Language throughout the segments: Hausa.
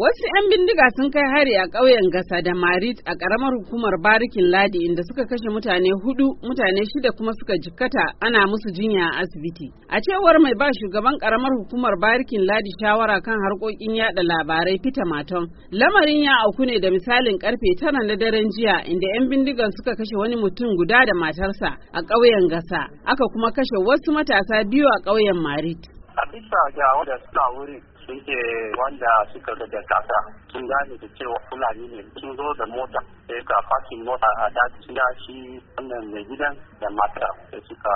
Wasu 'yan bindiga sun kai hari a ƙauyen Gasa da Marit a ƙaramar hukumar Barikin Ladi inda suka kashe mutane hudu, mutane shida kuma suka jikkata ana musu jinya a asibiti. A cewar mai ba shugaban ƙaramar hukumar Barikin Ladi shawara kan harkokin yada labarai fita Maton. Lamarin ya auku ne da misalin karfe tara na daren jiya inda 'yan bindigan suka kashe wani mutum guda da matarsa a ƙauyen Gasa. Aka kuma kashe wasu matasa biyu a ƙauyen Marit. A bisa ga wanda suna wurin sun ce wanda suka da kasa sun gane da cewa fulani ne sun zo da mota sai ka fakin mota a daji da shi wannan mai gidan da mata da suka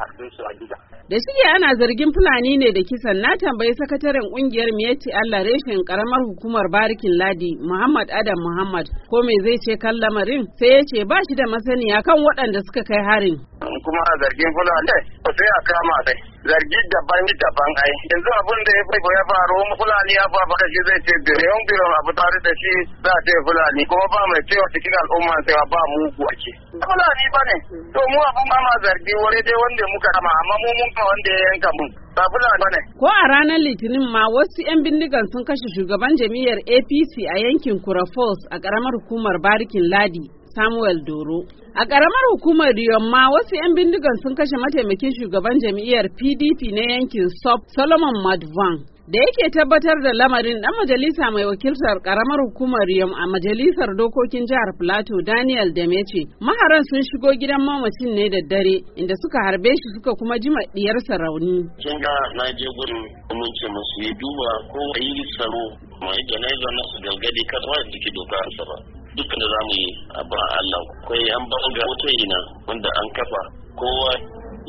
harbe su a gida. Da shige ana zargin fulani ne da kisan na tambayi sakataren kungiyar yace Allah reshen karamar hukumar Barikin Ladi Muhammad Adam Muhammad ko me zai ce kan lamarin sai ya ce ba shi da masaniya kan waɗanda suka kai harin. kuma a zargin fulani eh, to sai a kama sai zargi daban daban ai yanzu abin da ya faifo ya faru wani fulani ya fafa da shi zai ce bireyon bireyon abu tare da shi za a ce fulani kuma ba mai cewa cikin al'umma sai ba mugu ake fulani ba ne to mu abin ba ma zargi wani dai wanda muka kama amma mu mun ka wanda ya yanka mun ba fulani ba ne. ko a ranar litinin ma wasu 'yan bindigan sun kashe shugaban jami'ar apc a yankin kurafos a ƙaramar hukumar barikin ladi Samuel Doro. A ƙaramar hukumar Riyamma wasu 'yan bindigan sun kashe mataimakin shugaban jam'iyyar PDP na yankin Sop Solomon Madvan. Da yake tabbatar da lamarin ɗan majalisa mai wakiltar ƙaramar hukumar Riyam a majalisar dokokin jihar Plateau Daniel Demece, maharan sun shigo gidan mamacin ne da dare inda suka harbe shi suka kuma ji maɗiyarsa rauni. Kin ga na je gurin ce musu yi duba ko yi tsaro mai da na su galgadi kasuwa da ke doka ba. dukkan da za mu yi a ba Allah akwai an ba ga wata ina wanda an kafa kowa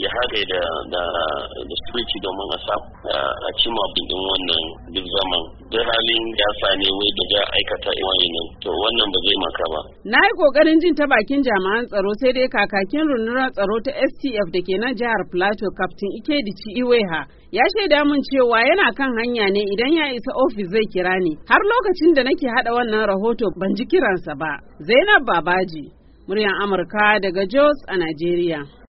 ya haɗe da da da domin a sa a cima bindin wannan duk zaman duk halin ne wai da ja aikata iwani nan to wannan ba zai maka ba. Na yi kokarin jin ta bakin jami'an tsaro sai dai kakakin rundunar tsaro ta STF da ke nan jihar Plateau Captain Ikedici Iweha ya shaida mun cewa yana kan hanya ne idan ya isa ofis zai kira ni har lokacin da nake haɗa wannan rahoto ban ji kiransa ba. Zainab Babaji, murya'n Amurka daga Jos a Najeriya.